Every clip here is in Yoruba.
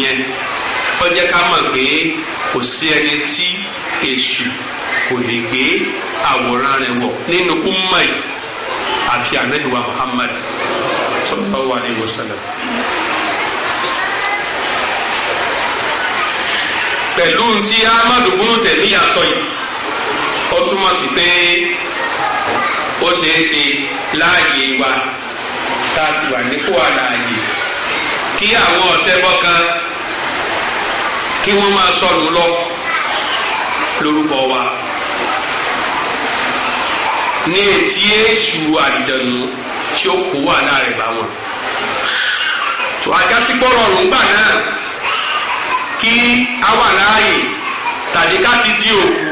yẹn ó jẹ́ ká mọ̀ pé kò sí ẹni tí èṣù kò lè gbé àwòrán rẹ̀ wọ̀ nínú ummah àfi anabiwa muhammad sallallahu alayhi wa sallam. pẹ̀lú ti amadu bunu tẹ̀lé yàtọ̀ yìí ó túmọ̀ sí pé ó ṣeé ṣe láàyè wa tá a sì wà nípò àlàyé kí àwọn ọ̀sẹ̀ bọ́ kan kí wọ́n máa sọnù lọ lórúkọ wa ní etí èṣù àdìdànù tí ó kó wà láàrin bá wọn tó ajásí gbọ́rọ̀ ọ̀rùn gbà náà kí a wà láàyè tàbí ká ti di òkú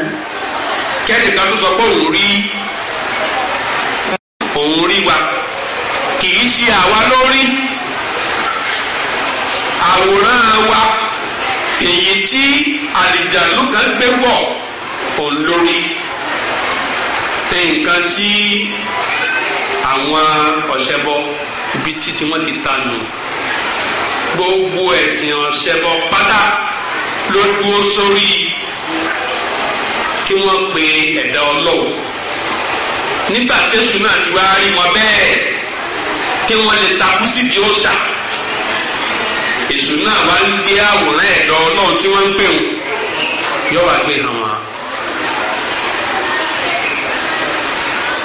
kẹ́nìkan tó sọ pé òun rí òun rí wa kì í ṣe àwa lórí àwòrán wa èyí tí àlìjàlú kan gbé bọ̀ òun lórí nǹkan tí àwọn ọ̀ṣẹ́bọ ibi títí wọ́n ti ta nù gbogbo ẹ̀sìn ọ̀ṣẹ́bọ pátá ló dúró sórí kí wọ́n pe ẹ̀dá ọlọ́wọ́ nígbà tẹ̀sùn náà ti wá rí wọn bẹ́ẹ̀ kí wọ́n lè takú síbi òòṣà èṣù náà wá ń gbé àwòrán ẹ̀dọ́ náà tí wọ́n ń pè wọ́n yóò wá gbé náà wọn.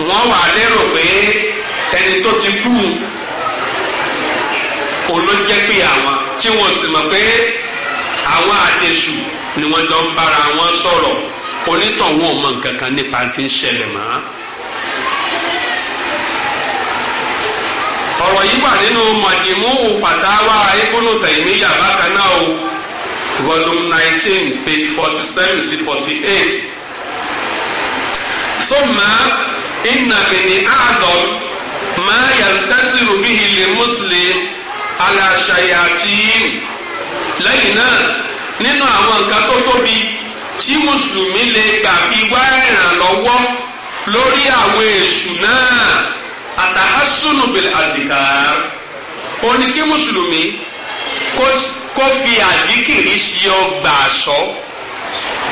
wọ́n wà lérò pé ẹni tó ti kú olóńjẹ́ àwọn tí wọ́n sì mọ̀ pé àwọn àtẹ̀sù ni wọ́n jọ ń bára wọn sọ̀rọ̀ onítọ̀hún ò mọ nǹkan kan nípa ti ń ṣẹlẹ̀ mọ́. ọ̀rọ̀ yìí wà nínú mọ̀jìmú fatawa ibùnú tẹ̀míyà bákan náà o volume nineteen page forty seven sí forty eight. sọ́mà ìnàbìnrin àádọ́m máa yàtẹ́sìrò bíi ilé muslim aláṣayàtì lẹ́yìn náà nínú àwọn nǹkan tó tóbi tí mùsùlùmí lè gbà fi wá ìrànlọ́wọ́ lórí àwọn èṣù náà àtàhásùnù bẹ̀rẹ̀ àdìkàr ó ní kí mùsùlùmí kó fi àdìkìrì ṣe ọgbà àṣọ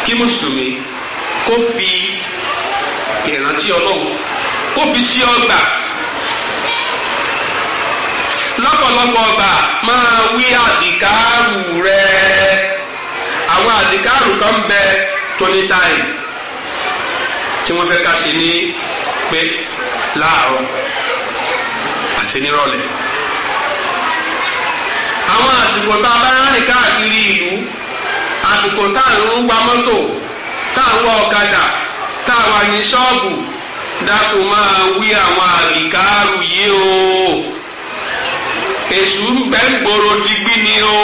kí mùsùlùmí kó fi ìrántí ọlọ́run kó fi ṣe ọgbà lọ́pọ̀lọpọ̀ ọgbà máa wí àdìkàrù rẹ̀ àwọn àdìkàrù kan bẹ tóní táì tí wọ́n fẹ́ ká ṣe ní pé láàárọ̀ àti nírọ̀lẹ́ àwọn àsìkò tá a bá rìn káàkiri ìlú àsìkò tá à ń wa mọ́tò tá à ń wa ọ̀kadà tá a wà ní ṣọ́ọ̀bù dákò máa wí àwọn àlìkáàrù yìí o èṣù ń bẹ́ ń gbòòrò digbí ni o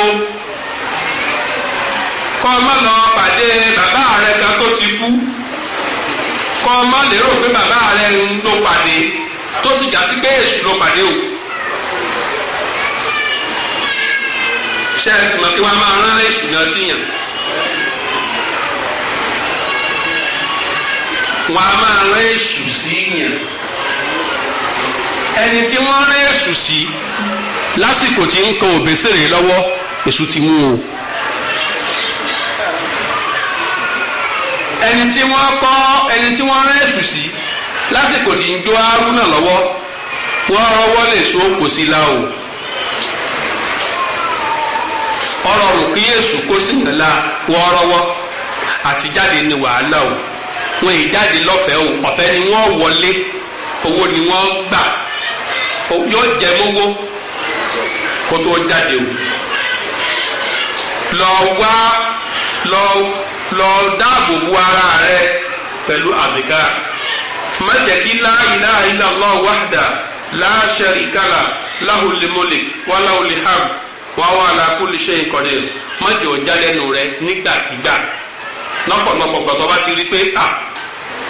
kọ́ ọ má lọ pàdé bàbá rẹ kan tó ti kú kọ́ má lérò pé bàbá rẹ ń ló pàdé tó sì já sí pé èṣù ló pàdé o. iṣẹ́ ẹ̀sìn mọ̀ kí wọ́n máa rán èṣù náà síyàn. wọ́n á máa rán èṣù síyàn. ẹni tí wọ́n rán èṣù sí lásìkò tí ń kan òbésèrè lọ́wọ́ èṣù ti mú o. ẹni tí wọ́n kọ́ ẹni tí wọ́n rán ẹ̀sùn sí lásìkò tí ń jó arúnà lọ́wọ́ wọ́n rọwọ́ lè so kò sí la o ọlọ́run kí èṣù kó sì yàn la wọ́n rọwọ́ àtijáde ni wàhálà o wọn ì jáde lọ́fẹ̀ẹ́ o ọ̀fẹ́ ni wọ́n wọlé owó ni wọ́n gbà yóò jẹ mọ́wọ́ kó tó jáde o lọ wá lọ lọ dáàbò bo ara rẹ pẹ̀lú àbíká má jẹ́ kí la ilaha illallah wahda la sharika lah lahul mulk wa lahul hamd wa huwa ala kulli shay'in qadir má jẹ́ ọjà lẹ́nu rẹ nígbàkigbà lọ́pọ̀lọpọ̀ gbọ́dọ̀ bá ti rí pé à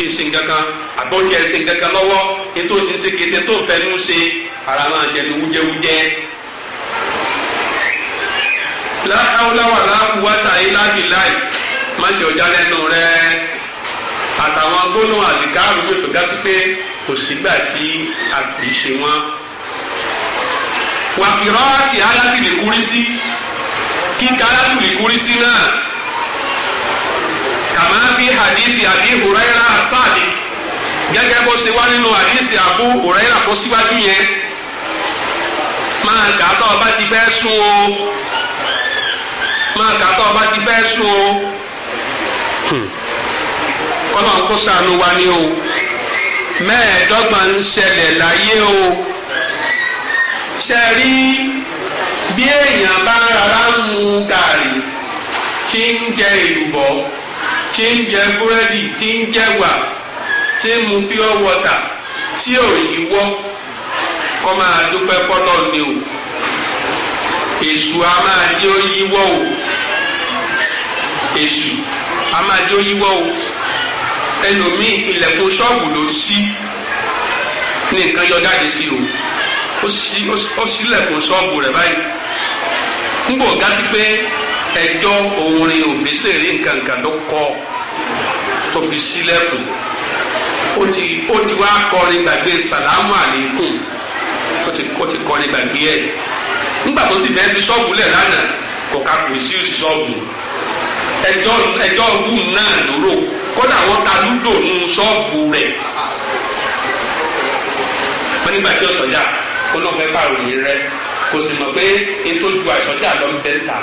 ìsìn kankan àbọ̀jẹ́ ìsìn kankan lọ́wọ́ ètò ìsinsìn kìí ṣe tó fẹ́nu ṣe ara máa jẹnu wújẹwújẹ. la hawla wala quwwata illa billah má jẹ́ ọjà lẹ́nu rẹ àtàwọn gbólóhùn àdìgáàrú mi tó gásí pé kò sígbà tí a kì í ṣe wọ́n. wàkìrọ́ ti aláti lè kúrí sí kíkà aláti lè kúrí sí náà kàmá bí hadithi àbí hùrẹ́rà sáàdì gẹ́gẹ́ bó ṣe wá nínú hadithi àbú hùrẹ́rà kó síwájú yẹn máa kà ọba ti fẹ́ sùn o máa kà ọba ti fẹ́ sùn o kọ́nà kó sànù wa ni o mẹ́ẹ̀ẹ́dọ́gbọ̀n ń ṣẹlẹ̀ láyé o ṣe rí bí èèyàn bá rárá ń mu gàrí tí ń jẹ èlùbọ́ tí ń jẹ búrẹ́dì tí ń jẹ wà tí ń mu pure water tí ò yíwọ́ kọ́ máa dúpẹ́ fọ́lọ́ ni o èṣù a máa jẹ́ ó yíwọ́ o èṣù a máa jó yíwọ́ o ẹlòmíì ilẹ̀kùn ṣọ́ọ̀bù ló ṣí ní nǹkan yọ jáde sí o ó ṣílẹ̀kùn ṣọ́ọ̀bù rẹ̀ báyìí nígbà ọ̀gá sí pé ẹjọ́ òun ògbésè rí nǹkan nǹkan tó kọ́ tó fi ṣílẹ̀kùn ó ti ó ti wá kọrin gbàgbé sàlámù àlékún ó ti ó ti kọrin gbàgbé ẹ̀ nígbà tó ti fẹ́ fi ṣọ́ọ̀bù lẹ̀ lánàá kò ká kò sí ẹjọ́ ẹjọ́ wù náà lóró kódà wọ́n ta lúdò nu ṣọ́ọ̀bù rẹ̀ wọ́n nígbà tí ọ̀sọ̀jà kó ló fẹ́ pàròyìn rẹ kò sì mọ̀ pé nítorí àìsọ̀jà lọ ń bẹ́ ń ta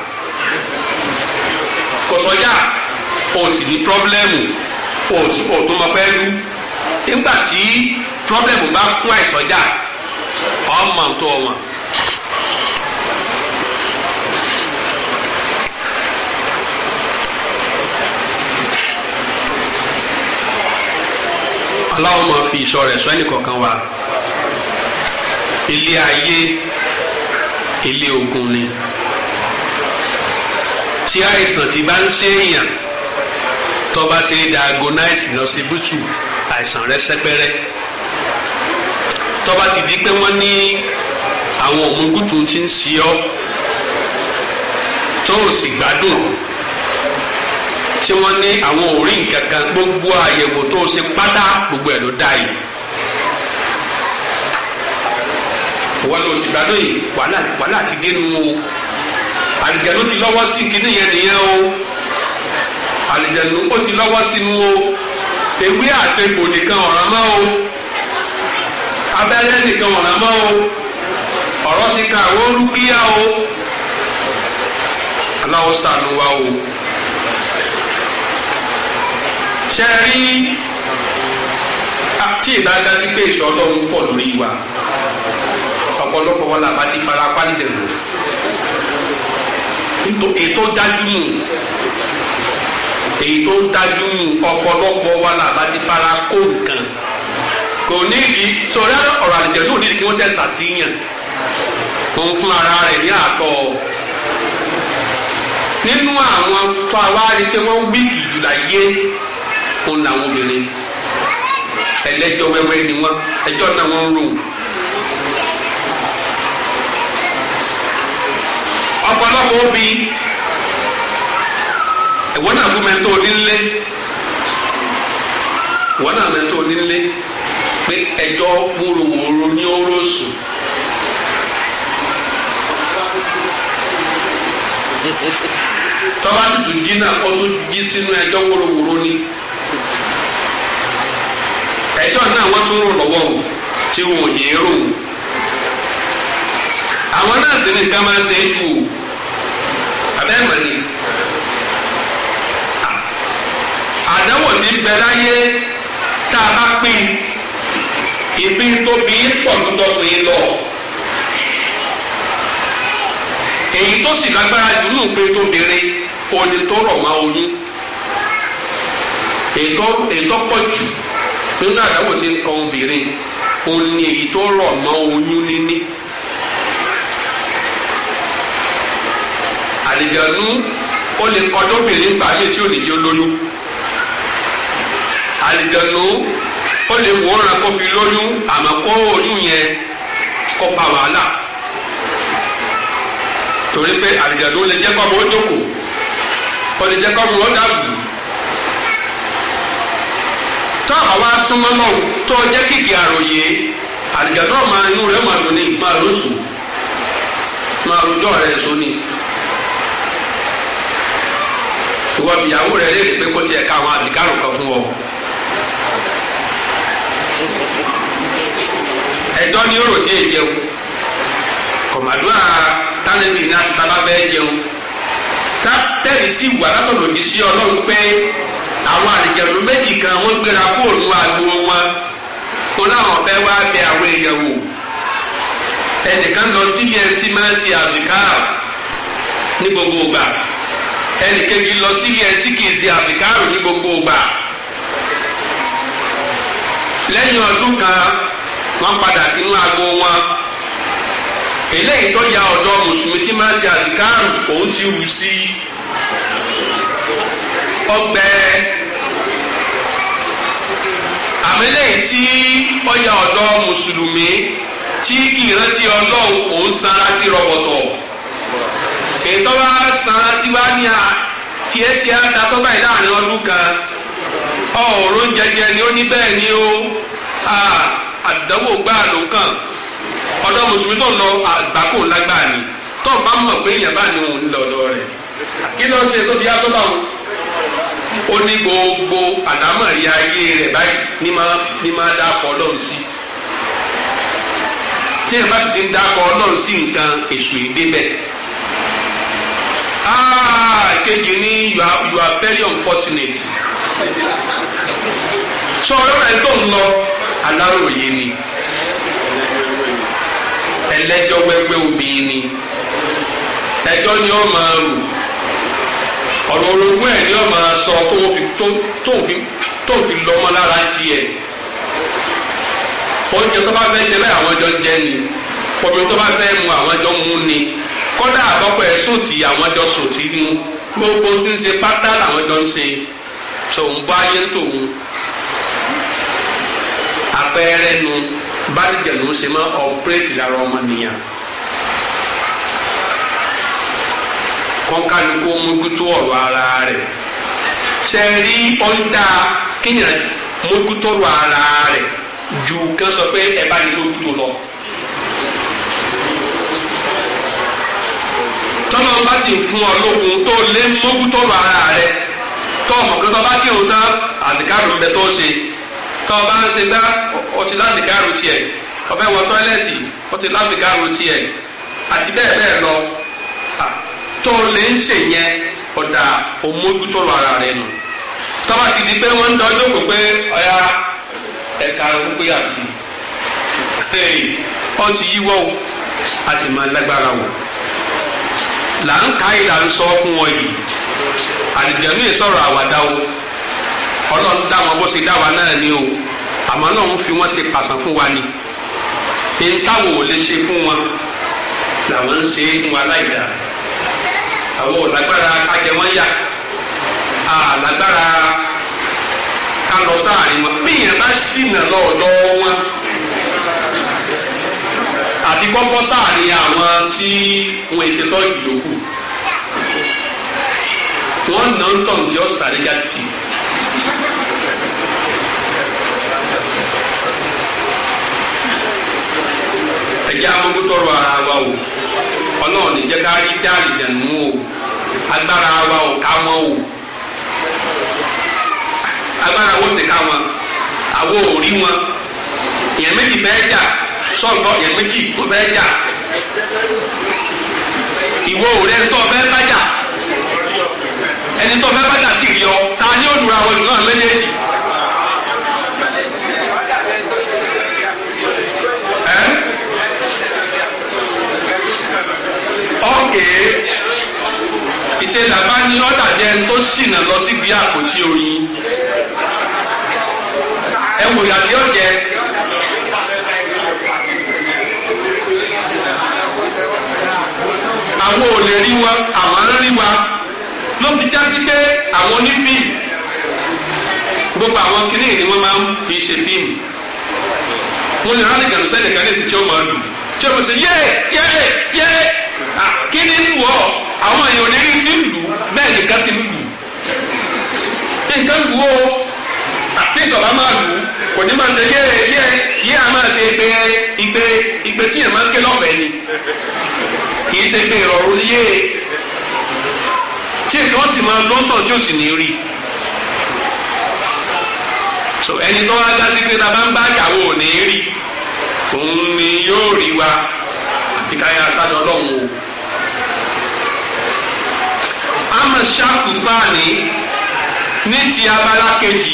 kò sọ̀jà o sì ní pírọ́blẹ́mù o sì o tó mọ pẹ́ẹ́lú nígbà tí pírọ́blẹ́mù bá kún àìsọ̀jà ọmọ tó wọn. aláwọ̀ máa fi ìṣọ́ rẹ̀ sọ ẹnìkọ̀ọ̀kan wa ilé ayé ilé ogun ni tí àìsàn ti bá ń ṣe èèyàn tó bá ṣe diagonise lọ sí bútù àìsàn rẹ̀ sẹ́pẹ́rẹ́ tó bá ti di pé wọ́n ní àwọn òmùgùtù ti ń ṣe ọ́ tó o sì gbádùn tí wọ́n ní àwọn ò rí nǹkan kan gbogbo àyẹ̀wò tó ṣe pátá gbogbo ẹ̀ ló dá yìí. wọ́n lọ sí ìgbàdo yìí wàhálà wàhálà ti dé nu o àlìjẹ̀nu ti lọ́wọ́ sí kinní yẹn nìyẹn o àlìjẹ̀nu ó ti lọ́wọ́ sínú o ewé àtẹ̀gbò nìkan ọ̀ràn mọ́ o abẹ́rẹ́ nìkan ọ̀ràn mọ́ o ọ̀rọ̀ ti ka àwọn olùkíyà o aláwọ̀ sànù wa o ṣe rí ah, tí ìbá ga sí pé ìṣọ́ ọlọ́run pọ̀ lórí wa ọ̀pọ̀lọpọ̀ wọn làbá ti fara pa nìdẹ̀rù ètò dájú nù èyí tó dájú nù ọ̀pọ̀lọpọ̀ wa làbá ti fara kó nǹkan kò ní ìdí sọ̀rọ̀ ọ̀rọ̀ àlìjẹ̀dù ò ní ìdí kí wọ́n ṣe ṣàṣìyàn òun fún ara rẹ̀ ní àtọ̀ nínú àwọn tó a wá rí pé wọ́n wíìkì jù láyé ó ń làwọn obìnrin ẹlẹ́jọ́ wẹ́wẹ́ ni wọ́n ẹjọ́ náà wọ́n ń rò. ọ̀pọ̀lọpọ̀ obì ẹ̀wọ́n náà kú mẹ́tọ́ onílé ẹ̀wọ́n náà mẹ́tọ́ onílé pé ẹjọ́ wúrowúro ní oró sùn. tọ́ba tuntun jí náà kọ́ tó jí sínú ẹjọ́ ẹjọ́ náà wọ́n tún rò lọ́wọ́ o tí wọn ò ní rò o àwọn náà sì ní ká máa ṣe é kú o abẹ́ẹ̀ mọ̀ ni àdánwò tí ń bẹ láyé tá a bá pín ìpín tóbi pọ̀ tó dọ́pin lọ èyí tó sì lágbára jù ní òpin tó bèrè òde tó rọ̀ máa oyún ètò pọ̀ jù nínú àdáwò tí ń kan obìnrin òun ni èyí tó rọ̀ mọ́ oyún níní. àlìjànú ó lè kọjọ́ obìnrin gbà mí tí ò ní jẹ́ olóyún àlìjànú ó lè wòran kó fi lóyún àmọ́ kó oyún yẹn kó fa wàhálà torí pé àlìjànú lè jẹ́ kọ́ ọmọ jókòó ó lè jẹ́ kọ́ ọmọ ó dàgbù. tó àwa súnmọ́ náà jẹ́ kìkì àròyé àlùjàdó máa inú rẹ̀ máa lò máa lò sùn máa rẹ̀ sóní. ìwọ ìyàwó rẹ̀ lè pé kó tiẹ̀ ká àwọn àbíkárò kan fún ọ. ẹ̀dọ́ ni yóò rò tí jẹun náà tábà bẹ́ẹ̀ jẹun tẹ́lẹ̀ sí sí ọlọ́run pé. àwọn àlìjẹ̀nu méjì kan wọ́n gbéra kóòlù àgbo wọn tó láwọn fẹ́ wá bẹ àwọn èèyàn wò ẹnìkan lọ sí ilé ẹtí máa ń ṣe àbíká ní gbogbo ìgbà ẹnìkejì lọ sí ilé ẹtí kì í ṣe àbíká ní gbogbo ìgbà lẹ́yìn ọdún ọ̀dọ́ mùsùlùmí tí máa ń ṣe àbíká ti wù sí àmì lẹ́yìn tí ọjà ọ̀dọ́ mùsùlùmí tí ìrántí ọlọ́run kò ń sanra sí rọ̀bọ̀tọ̀ ètò wa sanra sí wa ní a tiẹ̀ tí a ta tọ́ báyìí láàrin ọdún kan ọ̀rọ̀ jẹjẹ ni ó ní bẹ́ẹ̀ ni ó àdánwò gbáà ló kàn ọ̀dọ́ mùsùlùmí tó ń lọ àgbákò lágbáà ni tó ń bá mọ̀ pé ìyàbá ni òun lọ́dọ̀ rẹ̀ kí ló ń ṣe tó fi á ó ní gbogbo àdámọ̀rí ayé rẹ̀ báyìí ní máa ní máa dákọ̀ ọlọ́run sí tí ẹ bá sì ti ń dákọ̀ ọlọ́run sí nǹkan èṣù ah, kejì ní you are you are very unfortunate ọ̀rọ̀ rẹ̀ tó ń lọ aláròye ni ẹlẹ́jọ́ wẹ́wẹ́ obìnrin ni ẹjọ́ ni ó máa rò. ọ̀rọ̀ orogún ẹ̀ ni ó máa sọ tóun fi tóun fi tóun fi lọ́mọ lára tiẹ̀ oúnjẹ tó bá fẹ́ jẹ bẹ́ẹ̀ àwọn jọ jẹ ni omi tó bá fẹ́ mu àwọn jọ mu ni kọ́dà àbọ̀pọ̀ ẹ̀ sòtì àwọn jọ sòtì mu gbogbo tí ń ṣe pátá làwọn jọ ń ṣe tòun bá yé tòun àpẹẹrẹ nu bá dìjẹ̀ ló ń ṣe mọ́ ọ̀pẹ́rẹ́tì lára ọmọ nìyàn. kọ́ńkálukú mójútó ọ̀rọ̀ ara rẹ̀ ṣe rí ọ̀dà kíyàn mójútó ọ̀rọ̀ ara rẹ̀ ju kí wọ́n sọ pé ẹ bá ní mójútó lọ. tọ́lọ́ bá sì fún ọ lókun tó lé mójútó ọ̀rọ̀ ara rẹ̀ tọ́ ọmọ kan tó bá kírun tán àdìkárù ń bẹ tó ṣe tọ́ ọ ń ṣe dá ọtí ládìkárù tiẹ̀ ọbẹ̀ wọ tọ́ílẹ̀tì ọtí ládìkárù tiẹ̀ àti bẹ́ẹ̀ bẹ́ẹ̀ lọ tó lè ń ṣe yẹn ọ̀dà ara rẹ nù tọ́ba ti di pé wọ́n ń dọ́jọ́ kó pé ọ̀ya yà sí ọ ti yíwọ́ o a sì máa lágbára wò là ń ka yìí là ń sọ fún wọn yìí o dá wọn bó dá wa náà o àmọ́ náà ń fi pàṣán fún wa ni ní ò lè se fún wọn làwọn ń fún wa láì àwọn ò lágbára kájẹmọ́yà àlágbára ká lọ sáàrin wọn bí èèyàn bá wọn àti gbọ́ngbọ́n sáàrin àwọn tí wọn èsì tọ́ ìlòkù wọn nà ń tàn jẹ́ ọ̀sàrẹ́gà títì. ẹ̀jẹ̀ amókútọ́rọ̀ ara wa o ọlọ́run ní jẹ́ ká rí dáàlì dẹ̀nu o agbára wa ò ká wọn o agbára wo sì ká wọn àwo ò rí wọn èèyàn méjì fẹ́ jà sọ̀gbọ́ èèyàn méjì kò fẹ́ jà ìwọ ò rẹ́ tó fẹ́ bá jà ẹni tó fẹ́ bá jà sí ìyọ ta ni ó lura wọn náà méjèèjì. ṣe làbá ní ọ̀dà jẹ́ ẹni tó ṣìnà lọ síbi àpótí oyin ẹ wò yàtí ọ̀jẹ̀. àwọn ò lè rí wa àwọn ń rí wa ló fi já sí pé àwọn onífíìmù gbogbo àwọn kìnìún ni wọ́n máa ń fi ṣe fíìmù wọ́n lè rán ìgbàlù sẹ́yìn kan ní ìsìn tí ó máa lù tí ó máa ṣe yé yé yé ah, kí ni wọ́ọ̀ àwọn èèyàn onírí ti ń lù bẹ́ẹ̀ nìkan sì ń lù nǹkan lù ó àti ìkọ̀bá máa lù kò ní máa ṣe yé yé yé a máa ṣe ìgbé ìgbé ìgbé tí yẹn máa ń ké lọ́fẹ̀ẹ́ ni kì í ṣe ìgbé ìrọ̀rùn yé tí èkó sì máa lọ́tọ̀ tí ó sì ní rí so ẹni tó wá dá sí pé tá a bá ń bá ìyàwó ò ní rí òun ni yóò rí wa àbíkáyà sádọ́ ọlọ́run. sáàní ní ti abala kejì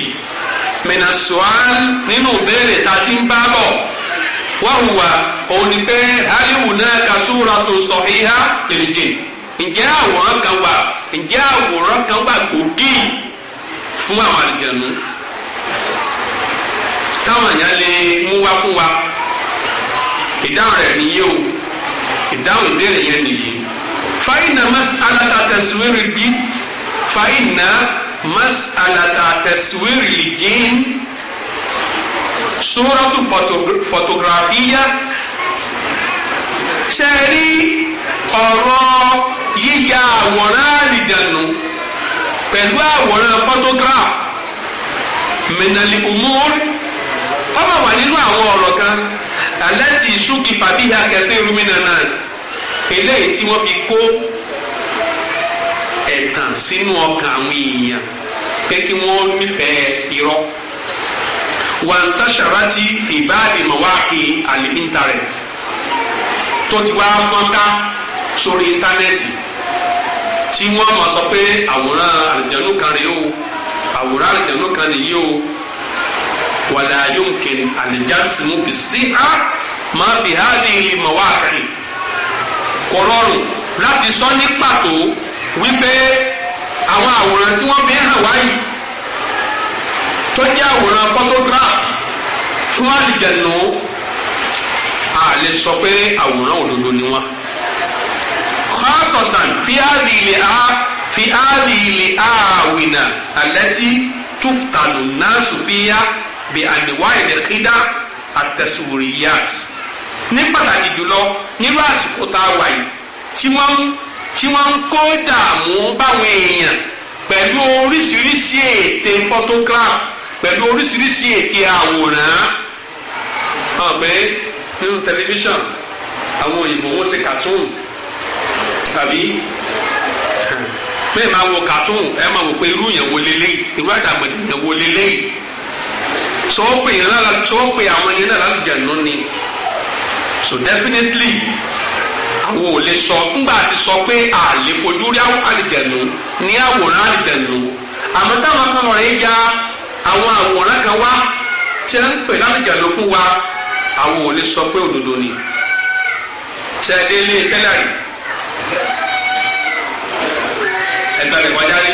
mẹ̀nàṣọ́án nínú ìbéèrè ta ti ń bá bọ̀ wá hùwà òun ni pé aliwu náà ka súratun sahiha lil jinn ǹjẹ́ àwòrán kan wà ǹjẹ́ àwòrán kan wà gbòógì fún àwọn àlùjànnú táwọn èèyàn lè mú wá fún wa ìdáhùn rẹ̀ nìyí o ìdáhùn ìbéèrè yẹn nìyí. fáyínà án فإن مسألة تصوير الجن صورة فوتوغرافية ṣe rí ọ̀rọ̀ yíya àwòrán àlìdànù pẹ̀lú àwòrán photograph minali umur ọmọ wà nínú àwọn ọ̀rọ̀ kan alẹ́ ti ṣúgi fàbíhà kẹfẹ́ ruminanas eléyìí tí wọ́n fi kó ẹ̀tàn sínú ọkàn àwọn èèyàn pé kí wọ́n nífẹ̀ẹ́ irọ́ wàntàṣàràtì fìbáàdì mọ̀wáàkì àlè íńtánẹ́ẹ̀tì tó ti wá mọ́ká sórí íńtánẹ́ẹ̀tì tí wọ́n mọ̀ sọ pé àwòrán àlùjànnú kan rèé o àwòrán àlùjànnú kan nìyí o wàlá yomkin àlìjásímù bìsí á máa fi hádìí mọ̀wáàkì kọ̀rọ̀rùn láti sọ ní pàtó wípé àwọn àwòrán tí wọ́n fi hàn wáyé tó jẹ́ àwòrán photograph fún àlìjẹ̀nù a lè sọ pé àwòrán òdodo ni wọ́n. kọ́sọ̀tàn fi áàdì ilé a fi áàdì ilé àwìnà àlẹ́tí tuftanu náà sùfíyà bí àdìwá ìdẹ̀kídà àtẹ̀sùwòrìyàt ní pàtàkì jùlọ nírú àsìkò tá a wà tí wọ́n ń tí wọ́n ń kó dààmú báwọn èèyàn pẹ̀lú oríṣiríṣi ète photograph pẹ̀lú oríṣiríṣi ète àwòrán ọ̀gbẹ́ nínú tẹlifíṣàn àwọn òyìnbó wọn ṣe cartoon tàbí bẹ́ẹ̀ máa wo cartoon ẹ máa wò pé irú yẹn wo lélẹ́yìí irú àdàmọ̀dì yẹn wo lélẹ́yìí sọ́ọ́ pé yẹn náà sọ́ọ́ pé àwọn yẹn náà lálùjẹ̀ nù ni so definitely àwọn ò lè sọ ńgbà tí sọ pé àlè fojú rí àlìdẹ̀nu ní àwòrán àlìdẹ̀nu àmọ́ táwọn kan wọ̀nyí ya àwọn àwòrán kan wá tí ń pè lálìdẹ̀nu fún wa àwọn ò lè sọ pé òdodo ni ṣẹ̀dẹ̀ ilé tẹ́lẹ̀ rí ẹ̀gbẹ́ rẹ̀ wájá rí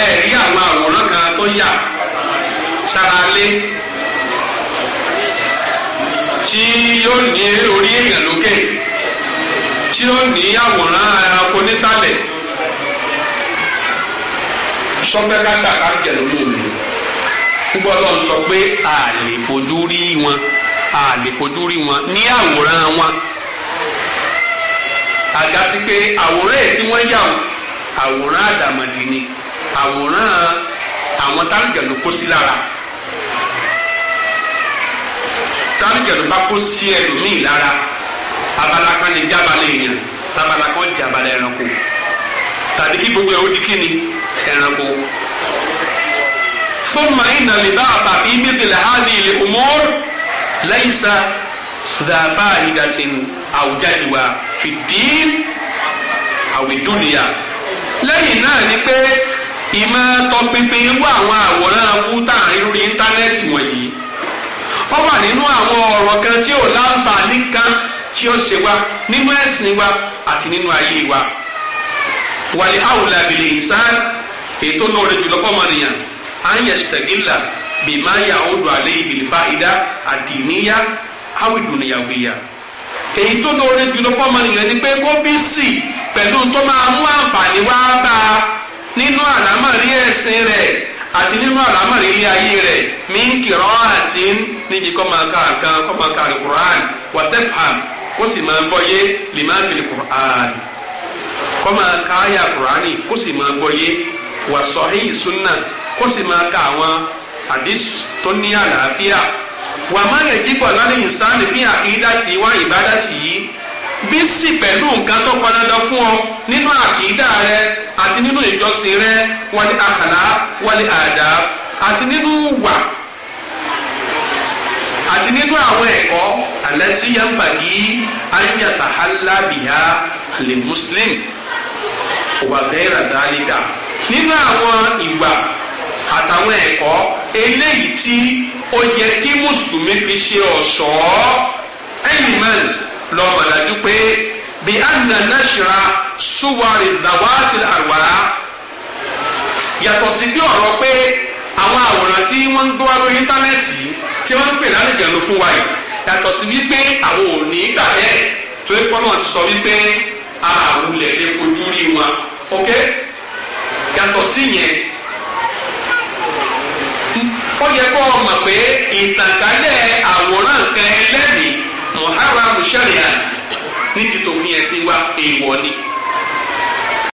ẹ̀ rí àwọn àwòrán kan tó yà sára lé tí yóò ní orí èèyàn lókè tí yóò ní àwòrán ẹranko nísàlẹ̀ sọfẹ́ kágbà kájẹ lórí omi púpọ̀ lọ sọ pé a lè fojú rí wọn a lè fojú rí wọn ní àwòrán wọn àgàsí pé àwòrán ẹ̀ tí wọ́n yà àwòrán àdàmọ̀dì ni àwòrán àwọn táǹgà ló kó sí lára. tábìlì bá kó sí ẹlòmíì lára abala kan lè jábala èèyàn tábàlà kan jábala ẹranko tàbí kí gbogbo ẹ̀ ó di kíni ẹranko. ثم إن اللباس في مثل هذه الأمور ليس ذا فائدة أو جدوى في الدين أو الدنيا lẹ́yìn náà ni pé ìmọ̀ tọpinpin wọ àwọn àwòrán awú tá à ń íńtánẹ́ẹ̀tì wọ̀nyí ó wà nínú àwọn ọ̀rọ̀ kan tí ò láǹfààní kan tí ó ṣe wa nínú ẹ̀sìn wa àti nínú ayé wa wàlẹ̀ àwùlà bìlì ìsán ètò lóore jùlọ fọmọnìyàn à ń yẹsítẹ̀gìlà bìmá yà ó dùn àlẹ́ ìbìlì fáìdá àdìníyà áwìdùnìyàwìyà èyí tó lóore jùlọ fọmọnìyàn ni pé kó bí sí pẹ̀lú tó máa mú àǹfààní wá bá a nínú àlámọ̀rí ẹ̀sìn rẹ̀ àti nínú àlámọ̀rí ilé ayé rẹ̀ mí kìrọ́ àti níbi kọ́ máa ka nǹkan kọ́ máa ka alukur'an wà tẹ́fàm kó sì máa gbọ́yé lè máa fi alukur'an kọ́ máa ka ayà alukur'ani kó sì máa gbọ́yé wà sọ̀hí sunna kó sì máa ka àwọn hadith tó ní àlàáfíà wà má lè jígbọ̀ lọ́lẹ́ ìsáni fi àkídá tì wá ìbádá tì í bísí pẹ̀lú nǹkan tó panadà fún ọ nínú àkìdá rẹ àti nínú ìjọsìn rẹ wọ́n ní àkàlà wọ́n ní àdá àti nínú wà àti nínú àwọn ẹ̀kọ́ alẹ́ tí yẹn bàgì ayélujáta alábìyá lè muslim òwà bẹ́ẹ̀ rà dáníkà nínú àwọn ìgbà àtàwọn ẹ̀kọ́ eléyìí tí ó yẹ kí mùsùlùmí fi ṣe ọ̀ṣọ́ ẹ̀yìn mẹ́rin lọ́mọ dájú pé bí anna nashra suwari dawati arwa yàtọ̀ sí bí ọ̀rọ̀ pé àwọn àwòrán tí wọ́n ń gbé wá lórí íńtánẹ́ẹ̀tì tí wọ́n ń pè lálejò ló fún wa yìí yàtọ̀ sí wípé àwọn ò ní gbà bẹ́ẹ̀ torí pọ́n náà ti pe wípé àwùlẹ̀ lè fojú rí wọn ok yàtọ̀ sí yẹn ó yẹ kó o pé ìtànkálẹ̀ àwòrán kan ẹlẹ́ muharram sharia ní ti tòfin ẹ̀sìn wa èèwọ̀ ni